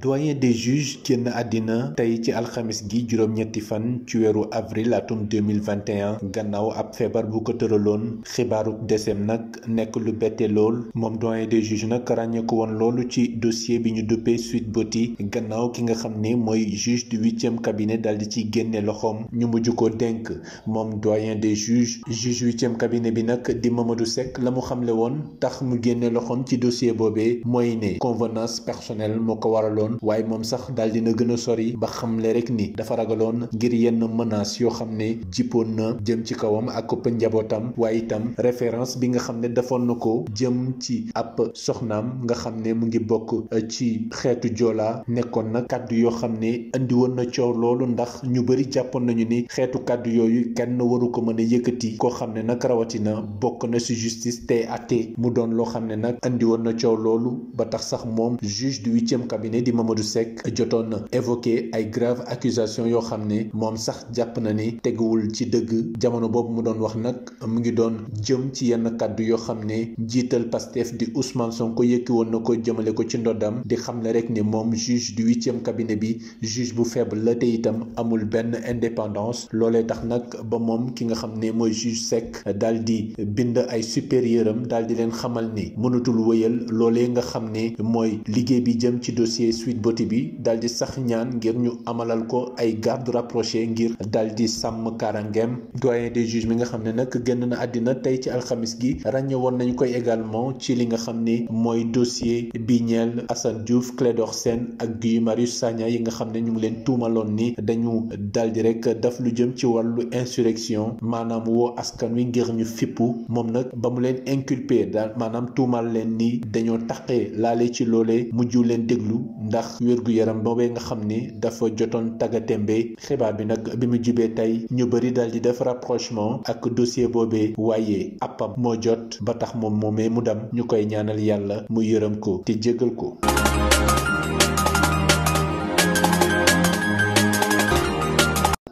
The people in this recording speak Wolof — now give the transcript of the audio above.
doyen des juges génn àddina tey ci alxamis gi juróom-ñetti fan ci weeru avril atum 2021 gannaaw ab feebar bu ko tëraloon xibaarub desem nag nekk lu bette lool moom doyen des juges nag ràññeeku woon loolu ci dossier bi ñu duppee Sweet Beauty gannaaw ki nga xam ne mooy juge du huitième cabinet dal di ci génne loxoom ñu mujj ko tenk moom doyen des juges juge huitième cabinet bi nag di Mamadou Seck la mu xamle woon tax mu génne loxoom ci dossier boobee mooy ne convenance waaye moom sax daal dina gën a sori ba xamle rekk ni dafa ragaloon ngir yenn menaces yoo xam ne jippoon na jëm ci kawam ak ëpp njabootam waaye itam référence bi nga xam ne defoon na ko jëm ci ab soxnaam nga xam ne mu ngi bokk euh, ci xeetu joola nekkoon na kàddu yoo xam ne indi woon na coow loolu ndax ñu bëri jàppoon nañu ni xeetu kàddu yooyu kenn waru ko mën a yëkkati koo xam ne nag rawatina bokk na si justice te atte mu doon loo xam ne nag indi woon na coow loolu ba sax moom Mamadou Seck na évoqué ay grave accusation yoo xam ne moom sax jàpp na ni teguwul ci dëgg jamono boobu mu doon wax nag mu ngi doon jëm ci yenn kàddu yoo xam ne njiital Pastef di Ousmane ko yëkki woon na ko jëmale ko ci ndoddam di xam ne rek ne moom juge du huitième cabinet bi juge bu faible la te itam amul benn indépendance loolee tax nag ba moom ki nga xam ne mooy juge Seck daal di bind ay supérieur am daal di leen xamal ni mënatul wëyal loolee nga suite boti bi sax ñaan ngir ñu amalal ko ay garde rapproché ngir dal di sàmm karangeem doyen des juges mi nga xam ne nag génn na àddina tey ci alxamis gi ràññe woon nañu koy également ci li nga xam ni mooy dossier bi ñeel Assane Diouf Clédor Sène ak Guy Marius Sagna yi nga xam ne ñu leen tuumaloon ni dañu dal di rek daf lu jëm ci wàllu insurrection maanaam woo askan wi ngir ñu fippu moom nag ba mu leen inculpé daal maanaam tuumal leen ni dañoo taqee laale ci loolee mujj leen déglu ndax ndax wér-gu-yaram boobee nga xam ni dafa jotoon tàggatémbe xibaar bi nag bi mu jibee tey ñu bari daal di def rapprochement ak dossier boobee waaye appam moo jot ba tax moom moomee mu dem ñu koy ñaanal yàlla mu yërëm ko te jégal ko